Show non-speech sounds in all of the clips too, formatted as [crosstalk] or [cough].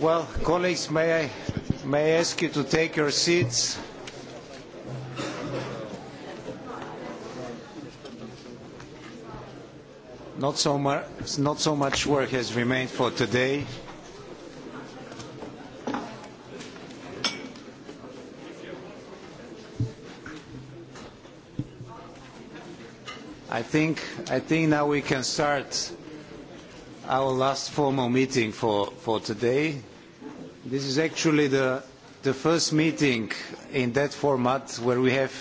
Well, colleagues, may I, may I ask you to take your seats? Not so, much, not so much work has remained for today. I think, I think now we can start our last formal meeting for, for today. This is actually the, the first meeting in that format where we have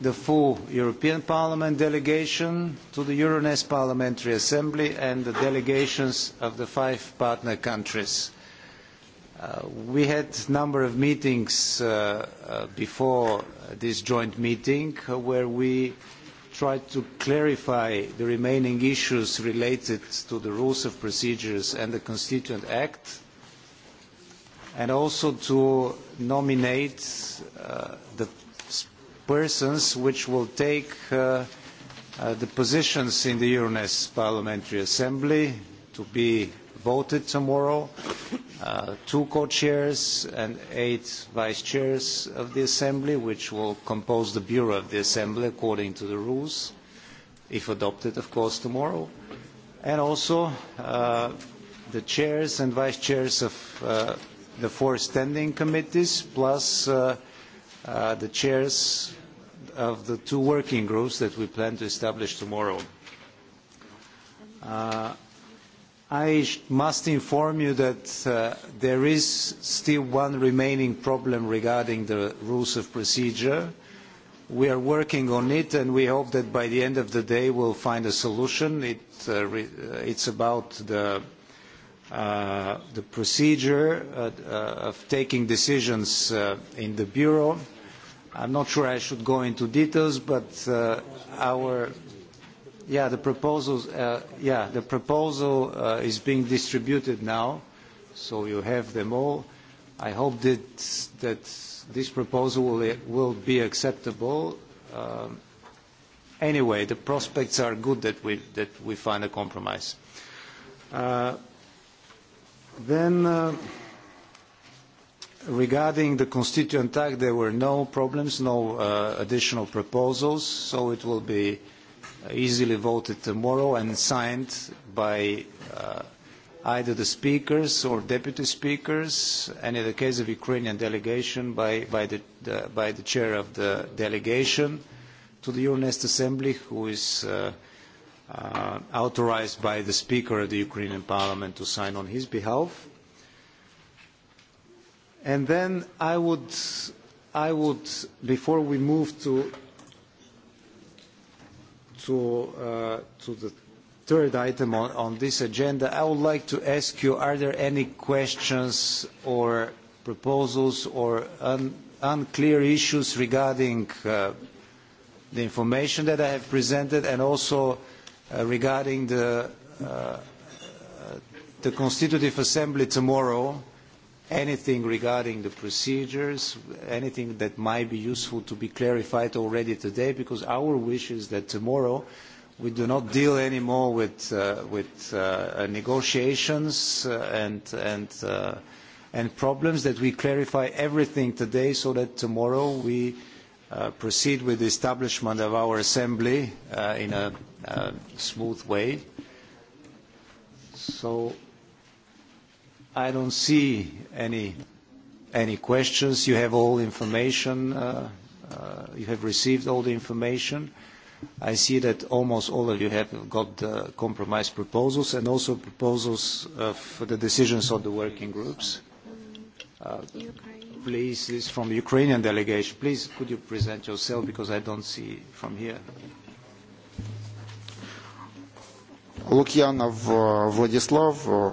the full European Parliament delegation to the Euronest Parliamentary Assembly and the delegations of the five partner countries. Uh, we had a number of meetings uh, uh, before this joint meeting uh, where we uh, tried to clarify the remaining issues related to the rules of procedures and the Constituent Act, and also to nominate uh, the persons which will take uh, uh, the positions in the Euronest Parliamentary Assembly, to be voted tomorrow. Uh, two co-chairs and eight vice-chairs of the Assembly, which will compose the Bureau of the Assembly according to the rules, if adopted, of course, tomorrow. And also uh, the chairs and vice-chairs of uh, the four standing committees, plus uh, uh, the chairs of the two working groups that we plan to establish tomorrow. Uh, I must inform you that uh, there is still one remaining problem regarding the rules of procedure. We are working on it and we hope that by the end of the day we'll find a solution. It, uh, re uh, it's about the, uh, the procedure uh, uh, of taking decisions uh, in the Bureau. I'm not sure I should go into details, but uh, our Yeah, the proposals. Uh, yeah, the proposal uh, is being distributed now, so you have them all. I hope that that this proposal will, will be acceptable. Um, anyway, the prospects are good that we that we find a compromise. Uh, then. Uh, Regarding the Constituent Act, there were no problems, no uh, additional proposals, so it will be uh, Uh, easily voted tomorrow and signed by uh, either the speakers or deputy speakers, and in the case of Ukrainian delegation, by, by, the, the, by the chair of the delegation to the Euronest Assembly, who is uh, uh, authorized by the Speaker of the Ukrainian Parliament to sign on his behalf. And then I would, I would before we move to to, uh, to the third item on, on this agenda, I would like to ask you, are there any questions or proposals or un unclear issues regarding uh, the information that I have presented and also uh, regarding the, uh, uh the Constitutive Assembly tomorrow anything regarding the procedures, anything that might be useful to be clarified already today, because our wish is that tomorrow we do not deal anymore with, uh, with uh, negotiations uh, and, and, uh, and problems, that we clarify everything today so that tomorrow we uh, proceed with the establishment of our assembly uh, in a uh, smooth way. So I don't see any, any questions. You have all information. Uh, uh, you have received all the information. I see that almost all of you have got the compromise proposals and also proposals uh, for the decisions of the working groups. Uh, please, this is from the Ukrainian delegation. Please, could you present yourself because I don't see from here. Лукьянов э, Владислав, э,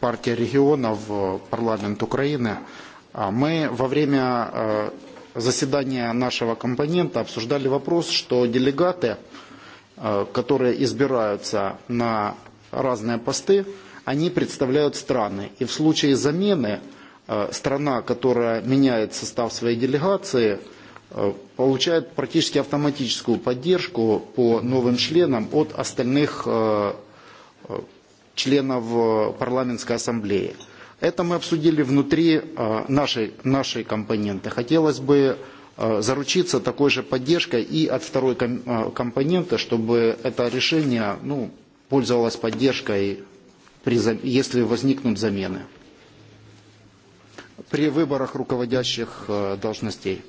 партия регионов, э, парламент Украины. Мы во время заседания нашего компонента обсуждали вопрос, что делегаты, которые избираются на разные посты, они представляют страны. И в случае замены страна, которая меняет состав своей делегации, Э, получают практически автоматическую поддержку по новым членам от остальных э, э, членов парламентской ассамблеи. Это мы обсудили внутри нашей, нашей компоненты. Хотелось бы заручиться такой же поддержкой и от второй компоненты, чтобы это решение ну, пользовалось поддержкой, при, если возникнут замены при выборах руководящих должностей.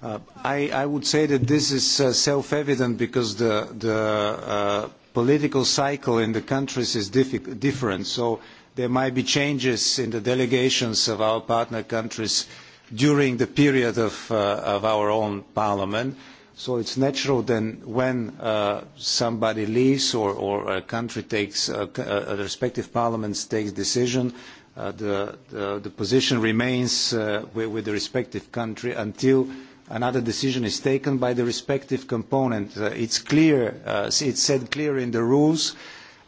Uh, I, I would say that this is uh, self-evident because the, the uh, political cycle in the countries is different. So there might be changes in the delegations of our partner countries during the period of, uh, of our own parliament. So it's natural then when uh, somebody leaves or, or a country takes, uh, uh a respective parliament takes decision, uh, the, the, the position remains uh, with, with the respective country until uh, another decision is taken by the respective component. Uh, it's clear, uh, it's said clear in the rules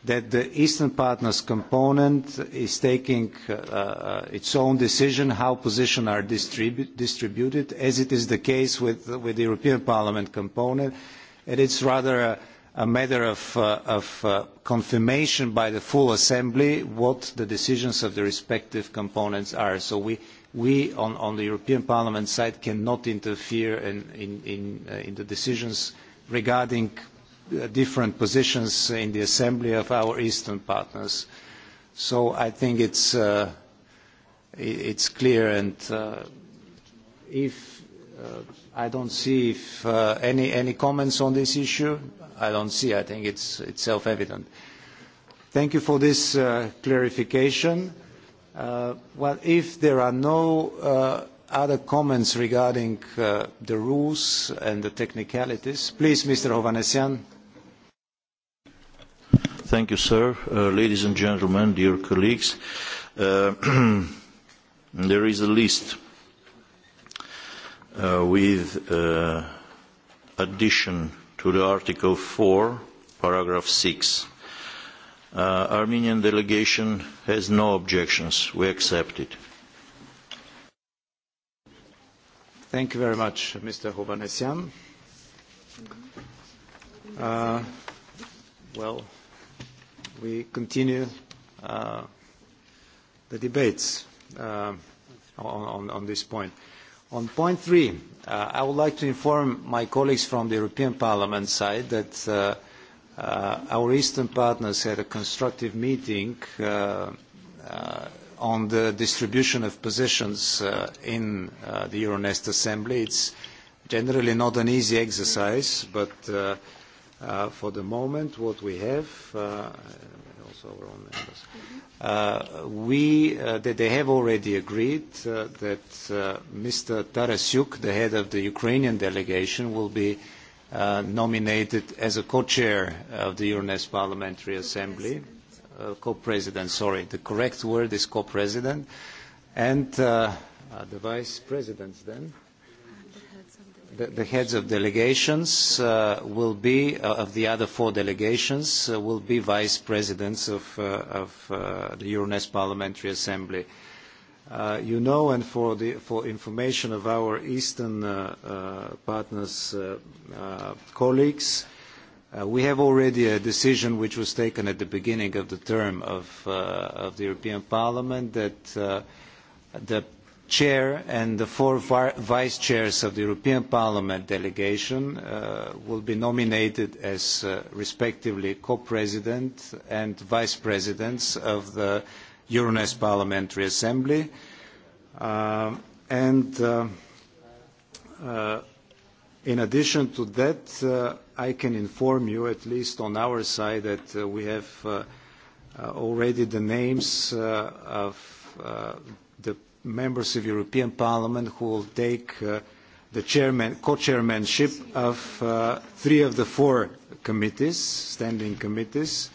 that the Eastern Partners component is taking uh, uh, its own decision how positions are distribu distributed, as it is the case with, with the European Parliament component. And it's rather a, a matter of, uh, of uh, confirmation by the full assembly what the decisions of the respective components are. So we, we on, on the European Parliament side cannot interfere in, in, in, uh, in the decisions regarding uh, different positions in the assembly of our eastern partners. So I think it's, uh, it's clear and uh, if uh, I don't see if uh, any, any comments on this issue, I don't see. I think it's, it's self-evident. Thank you for this uh, clarification. Uh, well, if there are no uh, other comments regarding uh, the rules and the technicalities, please, Mr. Hovhannisyan. Thank you, sir. Uh, ladies and gentlemen, dear colleagues, uh, [clears throat] there is a list uh, with uh, addition to the Article 4, paragraph 6 Uh, Armenian delegation has no objections. We accept it. Thank you very much, Mr. Hovanesyan. Uh, well, we continue uh, the debates uh, on, on this point. On point three, uh, I would like to inform my colleagues from the European Parliament side that uh, Uh, our Eastern partners had a constructive meeting uh, uh, on the distribution of positions uh, in uh, the Euronest Assembly. It's generally not an easy exercise, but uh, uh, for the moment what we have, uh, also our own members, uh, we, uh, that they have already agreed uh, that uh, Mr. Tarasyuk, the head of the Ukrainian delegation, will be uh, uh, nominated as a co-chair of the Euronest Parliamentary Assembly, uh, co-president, sorry, the correct word is co-president, and uh, uh, the vice presidents then. The, the heads of delegations uh, will be, uh, of the other four delegations, uh, will be vice presidents of, uh, of uh, the Euronest Parliamentary Assembly. Uh, Uh, you know, and for, the, for information of our Eastern uh, uh, partners' uh, uh, colleagues, uh, we have already a decision which was taken at the beginning of the term of, of the European Parliament that the chair and the four vice chairs of the European Parliament delegation will be nominated as respectively co-president and vice presidents of the Euronest Parliamentary Assembly. Uh, and uh, uh, in addition to that, uh, I can inform you, at least on our side, that uh, we have uh, uh, already the names uh, of uh, the members of European Parliament who will take uh, the chairman, co-chairmanship of uh, three of the four committees, standing committees,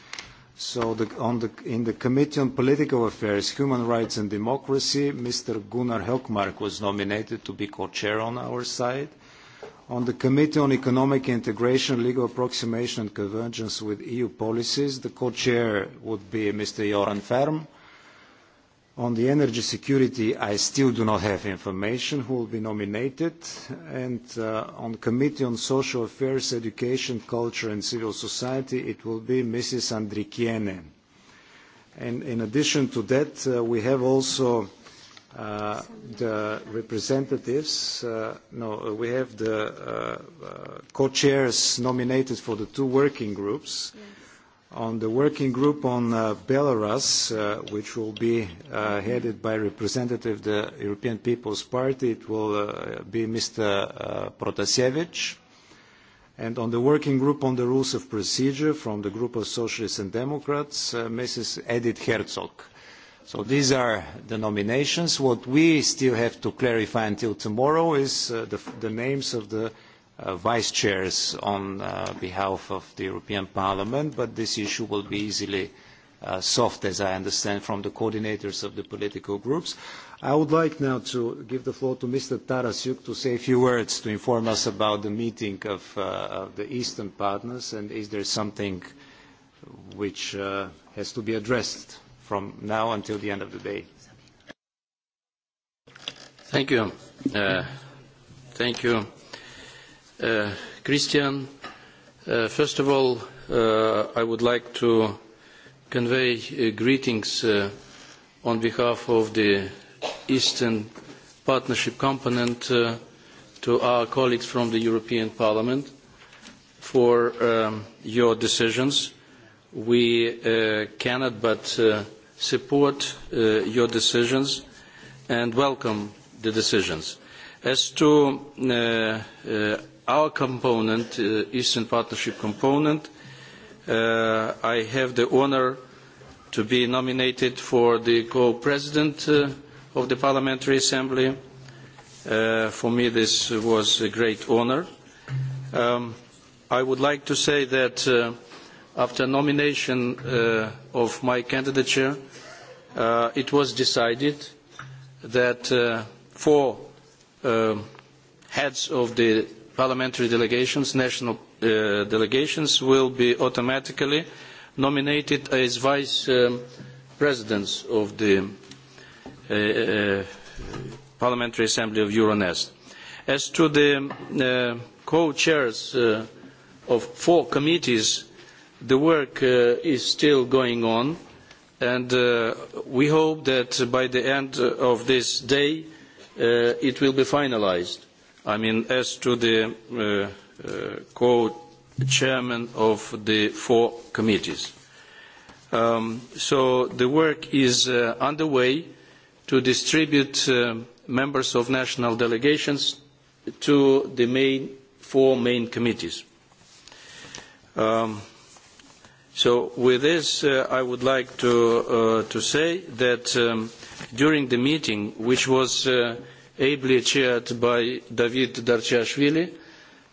So the, on the, in the Committee on Political Affairs, Human Rights and Democracy, Mr. Gunnar Helkmark was nominated to be co-chair on our side. On the Committee on Economic Integration, Legal Approximation and Convergence with EU Policies, the co-chair would be Mr. Joran Ferm. On the energy security, I still do not have information who will be nominated. And uh, on Committee on Social Affairs, Education, Culture and Civil Society, it will be Mrs. Andrikiene. And in addition to that, uh, we have also uh, the representatives, uh, no, uh, we have the uh, uh, co-chairs nominated for the two working groups. Yes on the working group on uh, Belarus, uh, which will be uh, headed by representative of the European People's Party. It will uh, be Mr. Uh, Protasevich. And on the working group on the rules of procedure from the group of Socialists and Democrats, uh, Mrs. Edith Herzog. So these are the nominations. What we still have to clarify until tomorrow is uh, the, the names of the uh, vice chairs on uh, behalf of the European Parliament, but this issue will be easily uh, solved, as I understand, from the coordinators of the political groups. I would like now to give the floor to Mr. Tarasyuk to say a few words to inform us about the meeting of, uh, of the Eastern partners and is there something which uh, has to be addressed from now until the end of the day. Thank you. Uh, thank you uh, Christian. Uh, first of all, uh, I would like to convey uh, greetings uh, on behalf of the Eastern Partnership component uh, to our colleagues from the European Parliament for um, your decisions. We uh, cannot but uh, support uh, your decisions and welcome the decisions. As to uh, uh, our component, uh, Eastern Partnership component, uh, I have the honor to be nominated for the co-president uh, of the Parliamentary Assembly. Uh, for me, this was a great honor. Um, I would like to say that uh, after nomination uh, of my candidature, uh, it was decided that uh, four uh, heads of the parliamentary delegations, national uh, delegations, will be automatically nominated as vice um, presidents of the uh, uh, Parliamentary Assembly of Euronest. As to the um, uh, co-chairs uh, of four committees, the work uh, is still going on, and uh, we hope that by the end of this day uh, it will be finalized I mean, as to the uh, uh, co-chairman of the four committees. Um, so the work is uh, underway to distribute uh, members of national delegations to the main, four main committees. Um, so with this, uh, I would like to, uh, to say that um, during the meeting, which was uh, ably chaired by David Darchashvili,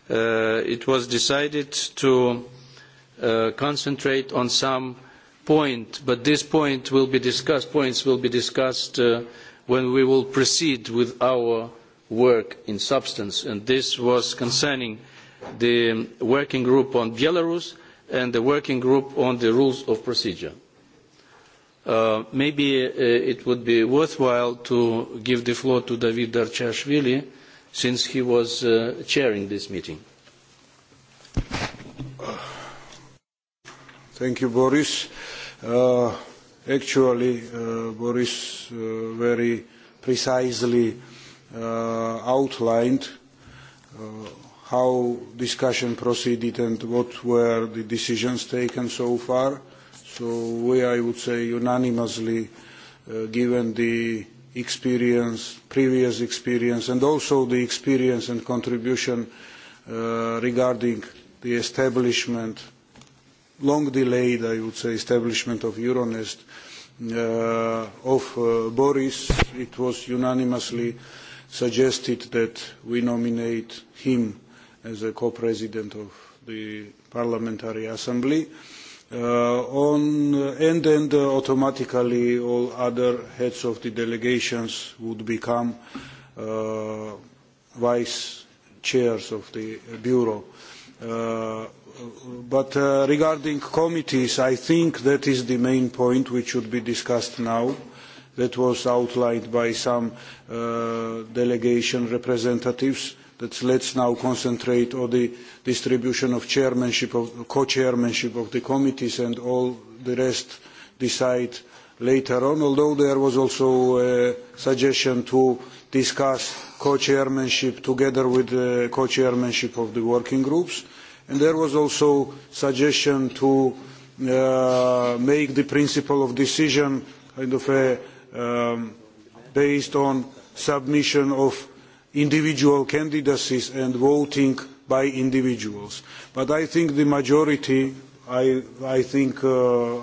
uh, it was decided to uh, concentrate on some point, but this point will be discussed, points will be discussed uh, when we will proceed with our work in substance. And this was concerning the working group on Belarus and the working group on the rules of procedure. Uh, maybe uh, it would be worthwhile to give the floor to David Darchashvili, since he was uh, chairing this meeting. Thank you, Boris. Uh, actually, uh, Boris uh, very precisely uh, outlined uh, how discussion proceeded and what were the decisions taken so far. Uh, So we, I would say, unanimously, uh, given the experience, previous experience, and also the experience and contribution uh, regarding the establishment, long delayed, I would say, establishment of Euronest, uh, of uh, Boris, it was unanimously suggested that we nominate him as a co-president of the Parliamentary Assembly. Uh, uh, on, and then uh, automatically all other heads of the delegations would become uh, vice chairs of the bureau. Uh, but uh, regarding committees, I think that is the main point which should be discussed now. That was outlined by some uh, delegation representatives. Uh, that let's now concentrate on the distribution of chairmanship, of, co-chairmanship of the committees and all the rest decide later on, although there was also a suggestion to discuss co-chairmanship together with the co-chairmanship of the working groups. And there was also suggestion to uh, make the principle of decision kind of a, um, based on submission of individual candidacies and voting by individuals. But I think the majority, I, I think uh,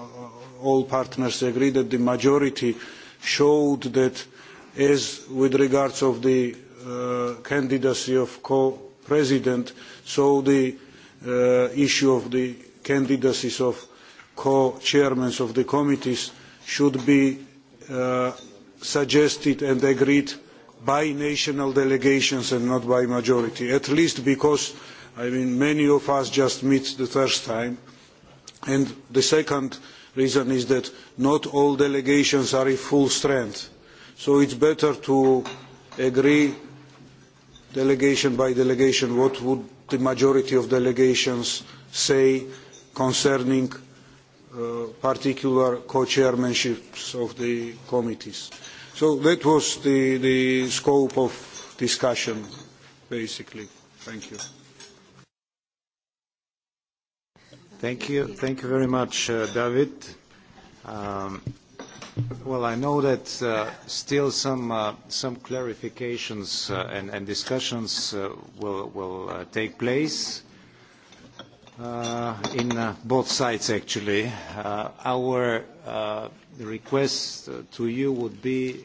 all partners agree that the majority showed that as with regards of the uh, candidacy of co-president, so the uh, issue of the candidacies of co-chairmen of the committees should be uh, suggested and agreed uh, by national delegations and not by majority, at least because I mean, many of us just meet the first time. And the second reason is that not all delegations are at full strength. So it's better to agree delegation by delegation what would the majority of delegations say concerning uh, particular co-chairmanships of the committees. Uh, So that was the, the scope of discussion, basically. Thank you. Thank you. Thank you very much, uh, David. Um, well, I know that uh, still some, uh, some clarifications uh, and, and discussions uh, will, will uh, take place uh, in uh, both sides, actually. Uh, our uh, request uh, to you would be,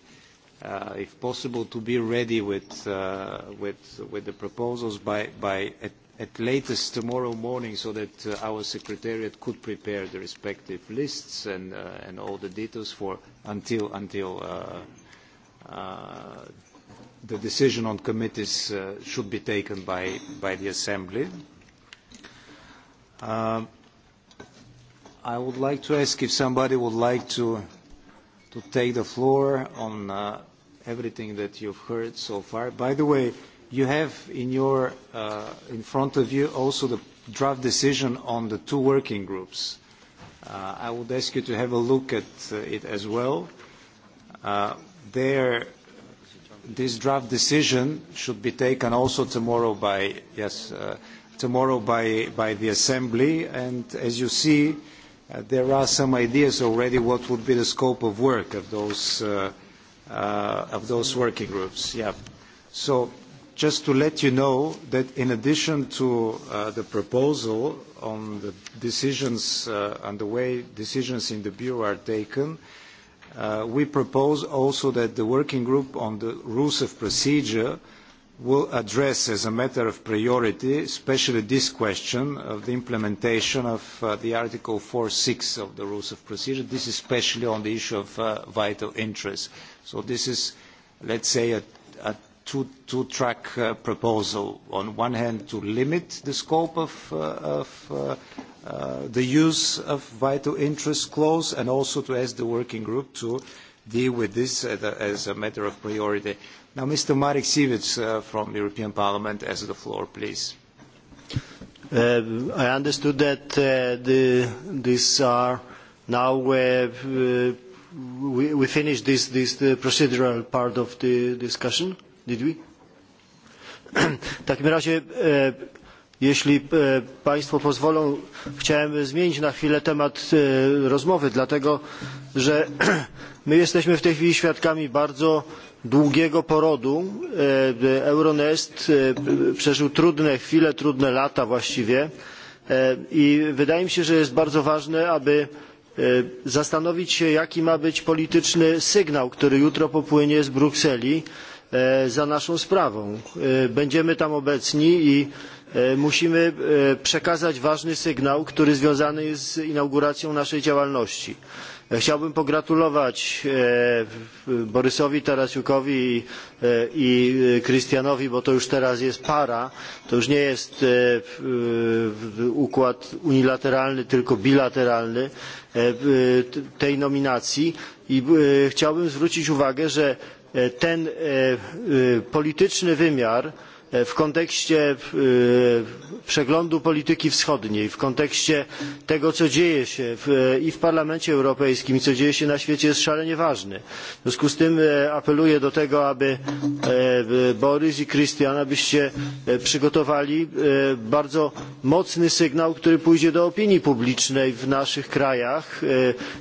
uh, if possible, to be ready with, uh, with, with the proposals by, by at, at latest tomorrow morning so that uh, our secretariat could prepare the respective lists and, uh, and all the details for until, until uh, uh, the decision on committees uh, should be taken by, by the Assembly. Uh, Uh, I would like to ask if somebody would like to, to take the floor on uh, everything that you've heard so far. By the way, you have in, your, uh, in front of you also the draft decision on the two working groups. Uh, I would ask you to have a look at uh, it as well. Uh, there, this draft decision should be taken also tomorrow by, yes, uh, tomorrow by, by the Assembly, and as you see, uh, there are some ideas already what would be the scope of work of those, uh, uh, of those working groups. Yeah. So just to let you know that in addition to uh, the proposal on the decisions uh, and the way decisions in the Bureau are taken, uh, we propose also that the working group on the rules of procedure uh, will address as a matter of priority, especially this question of the implementation of uh, the Article 4.6 of the Rules of Procedure. This is especially on the issue of uh, vital interest. So this is, let's say, a, a two-track two, two -track, uh, proposal. On one hand, to limit the scope of, uh, of uh, uh, the use of vital interest clause and also to ask the working group to deal with this as a, as a matter of priority. Now, Mr. Marek Sivic uh, from European Parliament has the floor, please. Uh, I understood that uh, the, these are now uh, we, we finished this, this the procedural part of the discussion, did we? [clears throat] w takim uh, razie jeśli e, państwo pozwolą chciałem zmienić na chwilę temat e, rozmowy dlatego że [clears throat] my jesteśmy w tej chwili świadkami bardzo długiego porodu e, euronest przeżył trudne chwile trudne lata właściwie i wydaje mi się że jest bardzo ważne aby zastanowić się jaki ma być polityczny sygnał który jutro popłynie z brukseli E, za naszą sprawą. E, będziemy tam obecni i e, musimy przekazać ważny sygnał, który związany jest z inauguracją naszej działalności. Chciałbym pogratulować Borysowi Tarasiukowi i Krystianowi, bo to już teraz jest para. To już nie jest układ unilateralny, tylko bilateralny tej nominacji. I chciałbym zwrócić uwagę, że E, ten e, e, polityczny wymiar w kontekście przeglądu polityki wschodniej w kontekście tego co dzieje się w, i w parlamencie europejskim i co dzieje się na świecie jest szalenie ważny. w związku z tym apeluję do tego aby borys i christian abyście przygotowali bardzo mocny sygnał który pójdzie do opinii publicznej w naszych krajach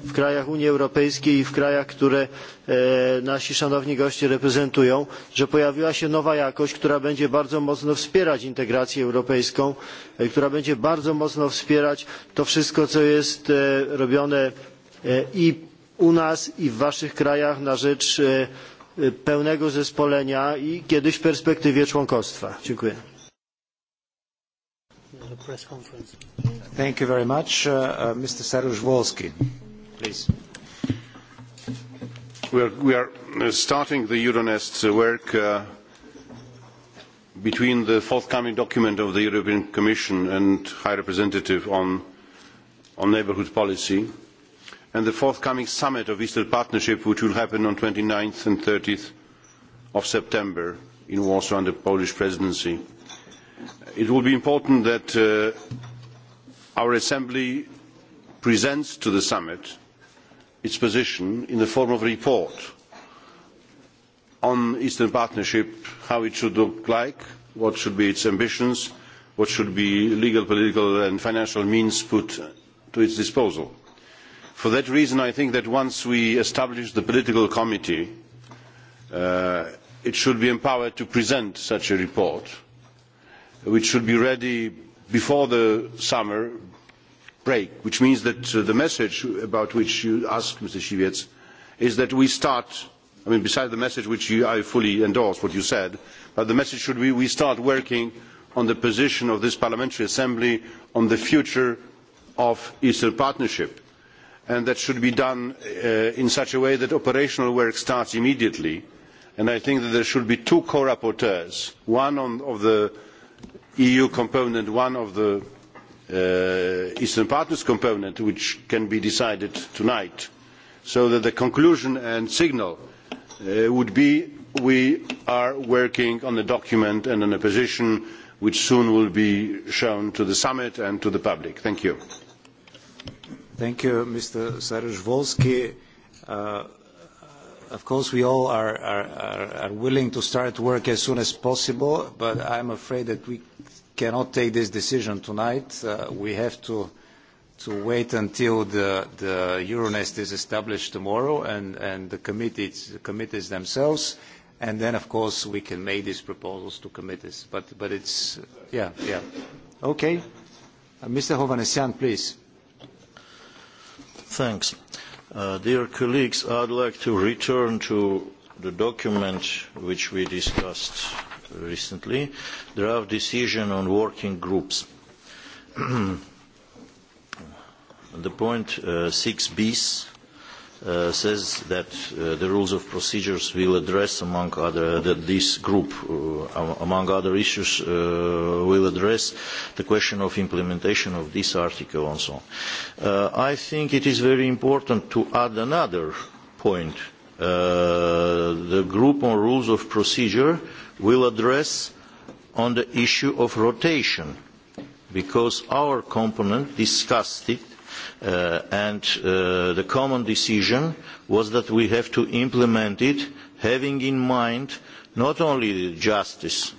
w krajach unii europejskiej i w krajach które E, nasi szanowni goście reprezentują że pojawiła się nowa jakość która będzie bardzo mocno wspierać integrację europejską e, która będzie bardzo mocno wspierać to wszystko co jest e, robione i u nas i w waszych krajach na rzecz pełnego zespolenia i kiedyś w perspektywie członkostwa. dziękuję. Thank you very much. Uh, uh Mr. Saryusz-Wolski, please we are, we are uh, starting the Euronest uh, work uh, between the forthcoming document of the European Commission and High Representative on, on neighbourhood policy and the forthcoming summit of Eastern Partnership which will happen on 29th and 30th of September in Warsaw under Polish presidency. It will be important that uh, our Assembly presents to the summit its position in the form of a report on eastern partnership how it should look like what should be its ambitions what should be legal political and financial means put to its disposal for that reason i think that once we establish the political committee uh, it should be empowered to present such a report which should be ready before the summer break, which means that uh, the message about which you asked, Mr. Shivets, is that we start, I mean, besides the message which you, I fully endorse what you said, but the message should be we start working on the position of this Parliamentary Assembly on the future of Eastern Partnership. And that should be done uh, in such a way that operational work starts immediately. And I think that there should be two co-rapporteurs, one on, of the EU component, one of the Uh, eastern partners component which can be decided tonight so that the conclusion and signal uh, would be we are working on a document and on a position which soon will be shown to the summit and to the public. Thank you. Thank you, Mr. Sarajvolsky. Uh, of course, we all are, are, are willing to start work as soon as possible, but I'm afraid that we cannot take this decision tonight. Uh, we have to, to wait until the, the Euronest is established tomorrow and, and the committees, the committees themselves. And then, of course, we can make these proposals to committees. But, but it's, yeah, yeah. Okay. Uh, Mr. Hovhannisyan, please. Thanks. Uh, dear colleagues, I'd like to return to the document which we discussed recently, draft decision on working groups. [clears throat] the point uh, 6 bis uh, says that uh, the rules of procedures will address, among other, that this group, uh, among other issues, uh, will address the question of implementation of this article and so on. Uh, I think it is very important to add another point. Uh, the group on rules of procedure uh, will address on the issue of rotation, because our component discussed it uh, and uh, the common decision was that we have to implement it having in mind not only justice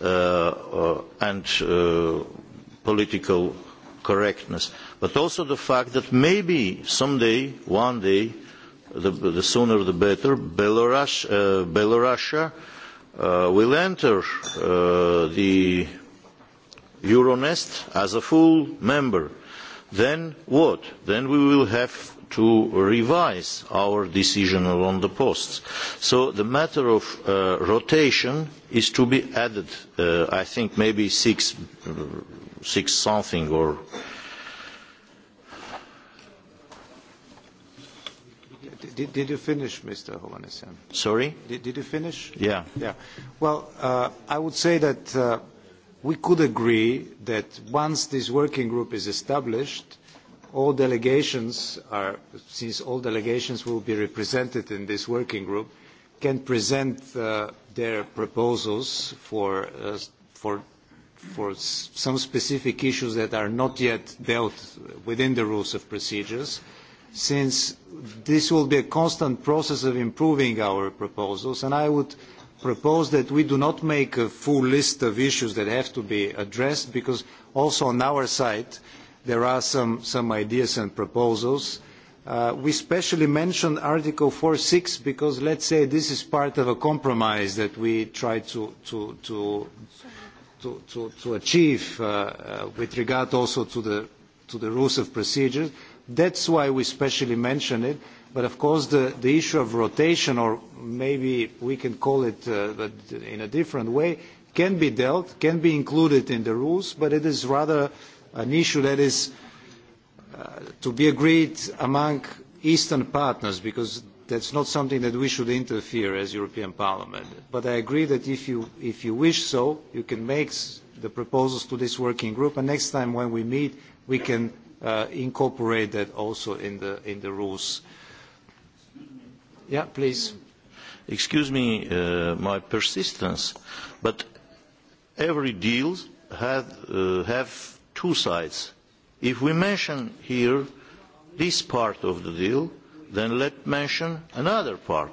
uh, uh, and uh, political correctness, but also the fact that maybe someday, one day, the, the sooner the better, Belarus, uh, Belarusia uh, will enter uh, the Euronest as a full member, then what? Then we will have to revise our decision on the posts. So the matter of uh, rotation is to be added, uh, I think maybe six, six something or uh, Did, did you finish, Mr. Hovhannisyan? Sorry? Did, did you finish? Yeah. Yeah. Well, uh, I would say that uh, we could agree that once this working group is established, all delegations are, since all delegations will be represented in this working group, can present uh, their proposals for, uh, for, for some specific issues that are not yet dealt within the rules of procedures. Uh, since this will be a constant process of improving our proposals, and I would propose that we do not make a full list of issues that have to be addressed, because also on our side there are some, some ideas and proposals. Uh, we specially mentioned Article 4.6 because let's say this is part of a compromise that we try to, to, to, to, to, to achieve uh, uh, with regard also to the, to the rules of procedure. That's why we specially mention it. But of course, the, the issue of rotation, or maybe we can call it uh, but in a different way, can be dealt, can be included in the rules, but it is rather an issue that is uh, to be agreed among Eastern partners, because that's not something that we should interfere as European Parliament. But I agree that if you, if you wish so, you can make the proposals to this working group, and next time when we meet, we can uh, incorporate that also in the, in the rules. Yeah, please. Excuse me uh, my persistence, but every deal had, uh, have two sides. If we mention here this part of the deal, then let's mention another part.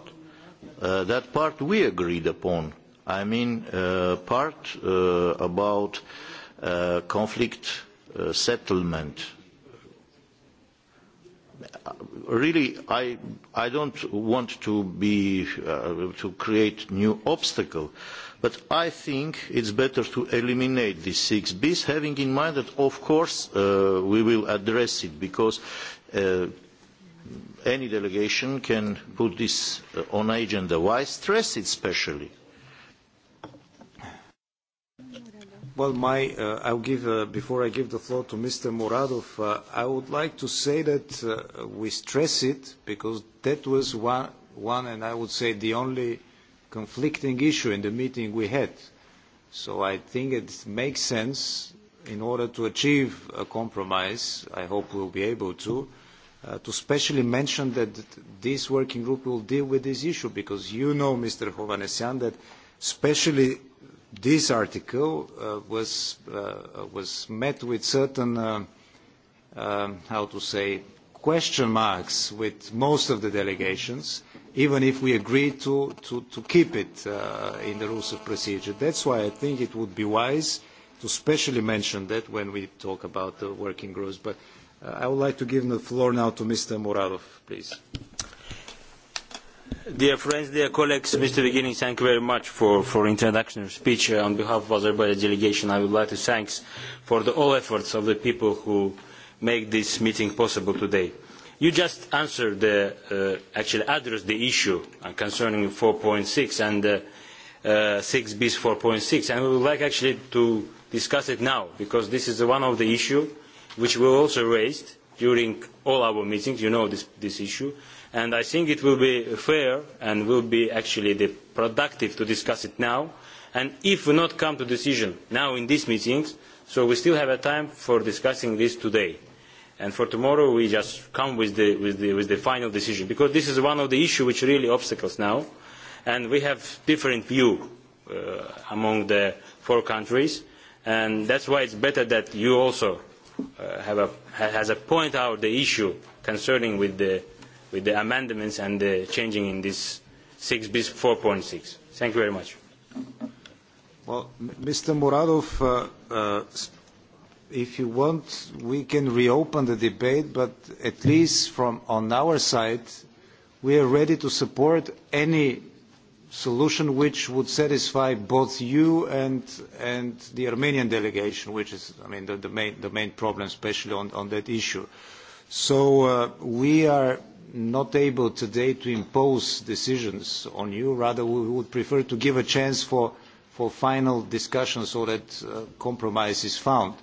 Uh, that part we agreed upon. I mean uh, part uh, about uh, conflict uh, settlement. Uh, really, I, I don't want to, be, uh, to create new obstacle, but I think it's better to eliminate these six Bs, having in mind that, of course, uh, we will address it, because uh, any delegation can put this uh, on agenda. Why stress it specially? Uh, Well, my, uh, I'll give, uh, before I give the floor to Mr. Muradov, uh, I would like to say that uh, we stress it because that was one, one, and I would say the only conflicting issue in the meeting we had. So I think it makes sense in order to achieve a compromise, I hope we'll be able to, uh, to specially mention that this working group will deal with this issue because you know, Mr. Hovanesyan, that especially this article uh, was, uh, was met with certain, uh, uh, how to say, question marks with most of the delegations, even if we agreed to, to, to keep it uh, in the rules of procedure. That's why I think it would be wise to specially mention that when we talk about the working groups. But uh, I would like to give the floor now to Mr. Muradov, please. Uh, Dear friends, dear colleagues, Mr. Beginning, thank you very much for, for introduction of speech. Uh, on behalf of Azerbaijan delegation, I would like to thank for the, all efforts of the people who make this meeting possible today. You just answered, the, uh, actually addressed the issue concerning 4.6 and uh, uh, 6 bis 4.6, and we would like actually to discuss it now, because this is one of the issues which we also raised during all our meetings, you know this, this issue, and I think it will be fair and will be actually the productive to discuss it now. And if we not come to decision now in these meetings, so we still have a time for discussing this today. And for tomorrow we just come with the, with the, with the final decision, because this is one of the issues which really obstacles now. And we have different view uh, among the four countries. And that's why it's better that you also uh, have a, has a point out the issue concerning with the with the amendments and the changing in this 6 bis 4.6. Thank you very much. Well, Mr. Muradov, uh, uh, if you want, we can reopen the debate, but at least from on our side, we are ready to support any solution which would satisfy both you and and the Armenian delegation, which is, I mean, the, the main the main problem, especially on on that issue. So uh, we are not able today to impose decisions on you. Rather, we would prefer to give a chance for, for final discussion so that uh, compromise is found.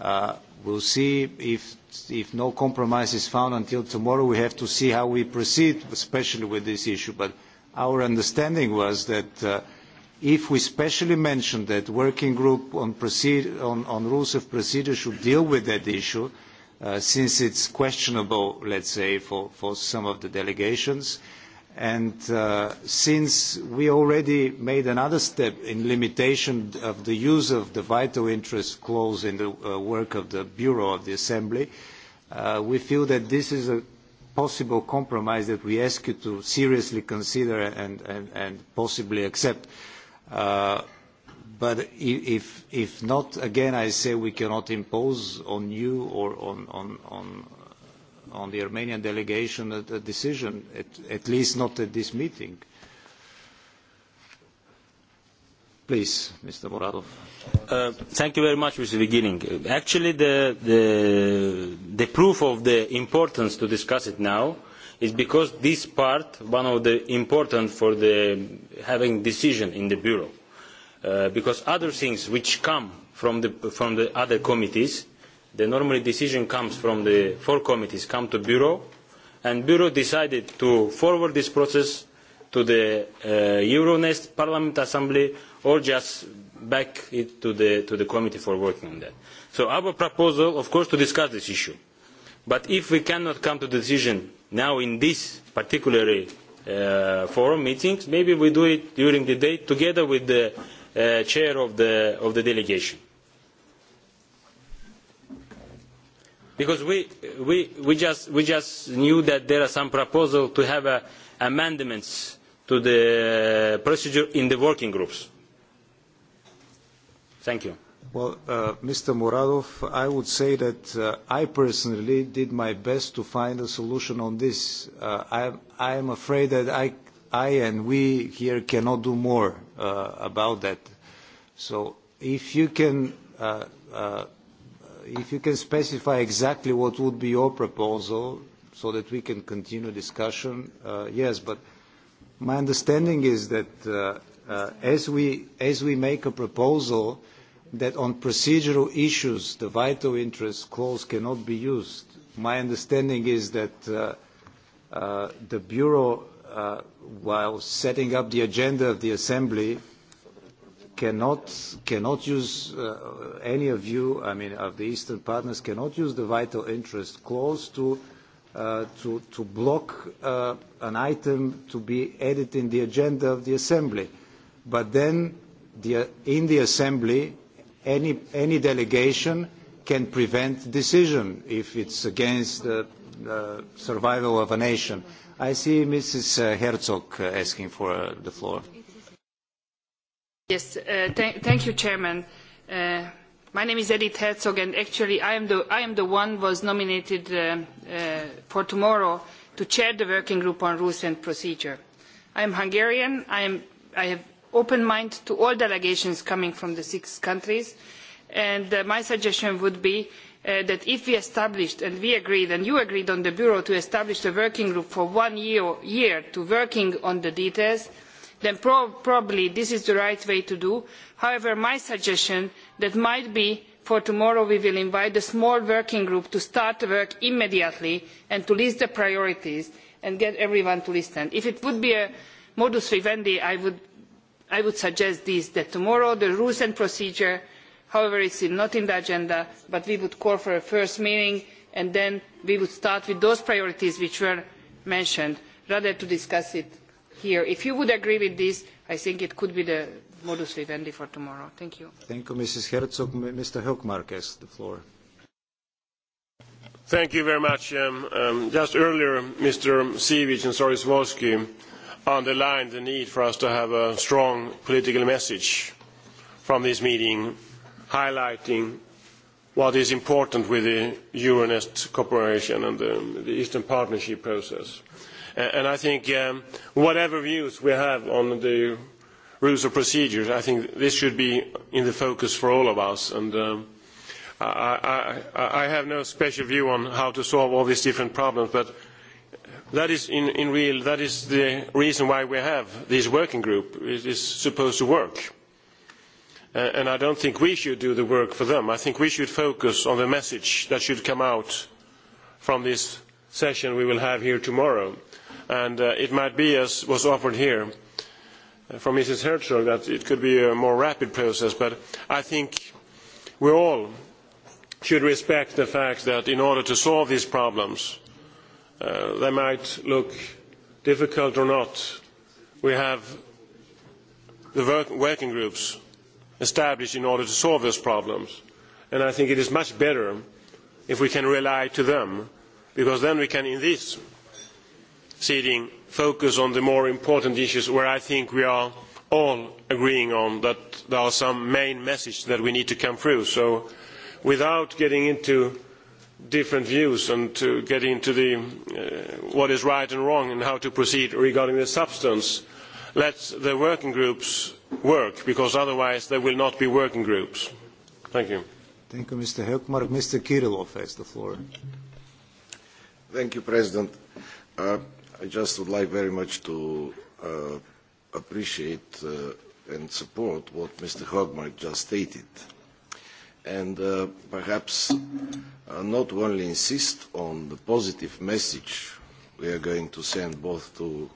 Uh, we'll see if, if no compromise is found until tomorrow. We have to see how we proceed, especially with this issue. But our understanding was that uh, if we specially mentioned that working group on, proceed, on, on rules of procedure should deal with that issue, uh, uh, since it's questionable, let's say, for, for some of the delegations. And uh, since we already made another step in limitation of the use of the vital interest clause in the uh, work of the Bureau of the Assembly, uh, we feel that this is a possible compromise that we ask you to seriously consider and, and, and possibly accept. Uh, But if, if not, again, I say we cannot impose on you or on, on, on, on the Armenian delegation a, a decision, at, at least not at this meeting. Please, Mr. Muradov. Uh, thank you very much, Mr. Beginning. Actually, the, the, the proof of the importance to discuss it now is because this part, one of the important for the having decision in the Bureau. Uh, Uh, because other things which come from the, from the other committees, the normally decision comes from the four committees, come to Bureau, and Bureau decided to forward this process to the uh, Euronest Parliament Assembly or just back it to the, to the committee for working on that. So our proposal, of course, to discuss this issue. But if we cannot come to the decision now in this particular uh, forum meetings, maybe we do it during the day together with the uh, chair of the, of the delegation. Because we, we, we, just, we just knew that there are some proposals to have uh, amendments to the procedure in the working groups. Thank you. Well, uh, Mr. Muradov, I would say that uh, I personally did my best to find a solution on this. Uh, I, I am afraid that I I and we here cannot do more uh, about that. So if you can uh, uh, if you can specify exactly what would be your proposal so that we can continue discussion, uh, yes, but my understanding is that uh, uh, as, we, as we make a proposal that on procedural issues the vital interest clause cannot be used, my understanding is that uh, uh, the Bureau uh, while setting up the agenda of the Assembly, cannot cannot use uh, any of you, I mean, of the Eastern partners, cannot use the vital interest clause to uh, to to block uh, an item to be added in the agenda of the Assembly. But then, the, in the Assembly, any any delegation can prevent decision if it's against the uh, survival of a nation. Mm-hmm I see Mrs. Uh, Herzog uh, asking for uh, the floor. Yes, uh, th thank you, Chairman. Uh, my name is Edith Herzog, and actually I am the, I am the one was nominated uh, uh, for tomorrow to chair the working group on rules and procedure. I am Hungarian. I, am, I have open mind to all delegations coming from the six countries, and uh, my suggestion would be Uh, that if we established and we agreed and you agreed on the bureau to establish a working group for one year, year to working on the details then pro probably this is the right way to do. however my suggestion that might be for tomorrow we will invite a small working group to start work immediately and to list the priorities and get everyone to listen. if it would be a modus vivendi i would, I would suggest this that tomorrow the rules and procedure however it is not on the agenda but we would call for a first meeting and then we would start with those priorities which were mentioned rather than discussing it here. if you would agree with this i think it could be the modus vivendi for tomorrow. thank you. thank you mrs herzog. mr hkmark has the floor. thank you very much. Um, um, just earlier mr siwiec and saryusz-wolski underlined the need for us to have a strong political message from this meeting highlighting what is important with the Euronest cooperation and the, the Eastern Partnership process. And I think um, whatever views we have on the rules of procedures, I think this should be in the focus for all of us. And um, I, I, I have no special view on how to solve all these different problems, but that is in, in real, that is the reason why we have this working group. It is supposed to work. Uh, Uh, and I don't think we should do the work for them. I think we should focus on the message that should come out from this session we will have here tomorrow. And uh, it might be, as was offered here uh, from Mrs. Herzog, that it could be a more rapid process, but I think we all should respect the fact that in order to solve these problems, uh, they might look difficult or not, we have the work working groups established in order to solve those problems. And I think it is much better if we can rely to them, because then we can, in this seating, focus on the more important issues where I think we are all agreeing on that there are some main messages that we need to come through. So without getting into different views and to get into the, uh, what is right and wrong and how to proceed regarding the substance, uh, let the working groups work because otherwise there will not be working groups. Thank you. Thank you, Mr. Hökmark. Mr. Kirillov has the floor. Thank you, President. Uh, I just would like very much to uh, appreciate uh, and support what Mr. Hogmark just stated. And uh, perhaps uh, not only insist on the positive message we are going to send both to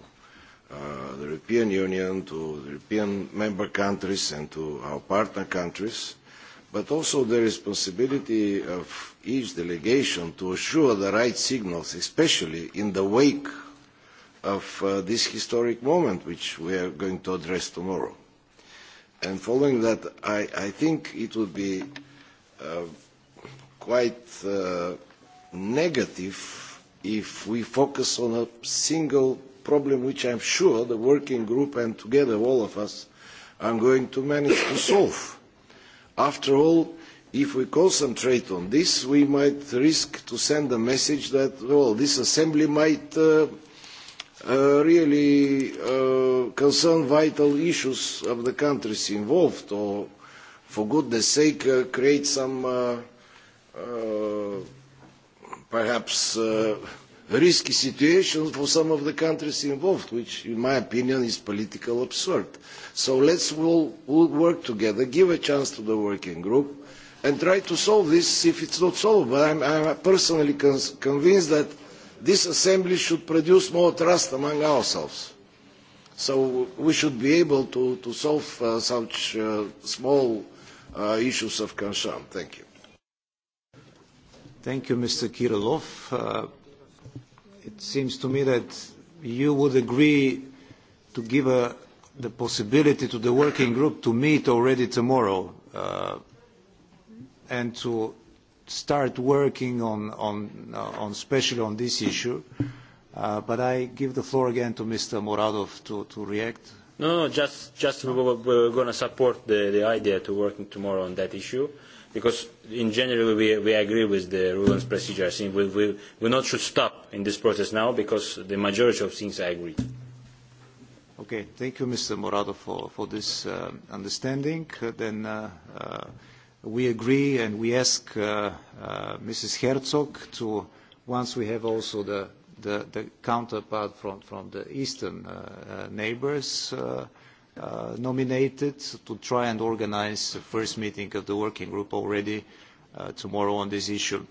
uh, the European Union, to the European member countries and to our partner countries, but also the responsibility of each delegation to assure the right signals, especially in the wake of uh, this historic moment which we are going to address tomorrow. And following that, I, I think it would be uh, quite uh, negative if we focus on a single problem which I'm sure the working group and together all of us are going to manage to solve. After all, if we concentrate on this, we might risk to send a message that, well, this assembly might uh, uh, really uh, concern vital issues of the countries involved or, for goodness sake, uh, create some uh, uh, perhaps uh, risky situation for some of the countries involved, which, in my opinion, is political absurd. So let's all, all work together, give a chance to the working group, and try to solve this if it's not solved. But I'm, I'm personally cons convinced that this assembly should produce more trust among ourselves. So we should be able to, to solve uh, such uh, small uh, issues of concern. Thank you. Thank you, Mr. Kirilov. Uh, it seems to me that you would agree to give a, uh, the possibility to the working group to meet already tomorrow uh, and to start working on, on, uh, on especially on this issue. Uh, but I give the floor again to Mr. Moradov to, to react. No, no, just, just we're going to support the, the idea to working tomorrow on that issue. Uh, because in general we, we agree with the rules procedure. I think we, we, we not should stop in this process now because the majority of things are agreed. Okay, thank you, Mr. Morado, for, for this uh, understanding. Uh, then uh, uh, we agree and we ask uh, uh, Mrs. Herzog to, once we have also the, the, the counterpart from, from the eastern uh, uh, neighbors, uh, uh, nominated to try and organize the first meeting of the working group already uh, tomorrow on this issue.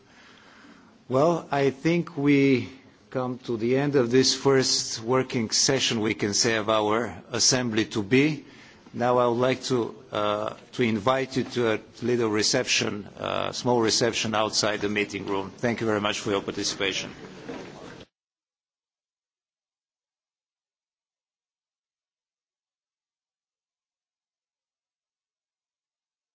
Well, I think we come to the end of this first working session, we can say, of our assembly to be. Now I would like to, uh, to invite you to a little reception, uh, small reception outside the meeting room. Thank you very much for your participation.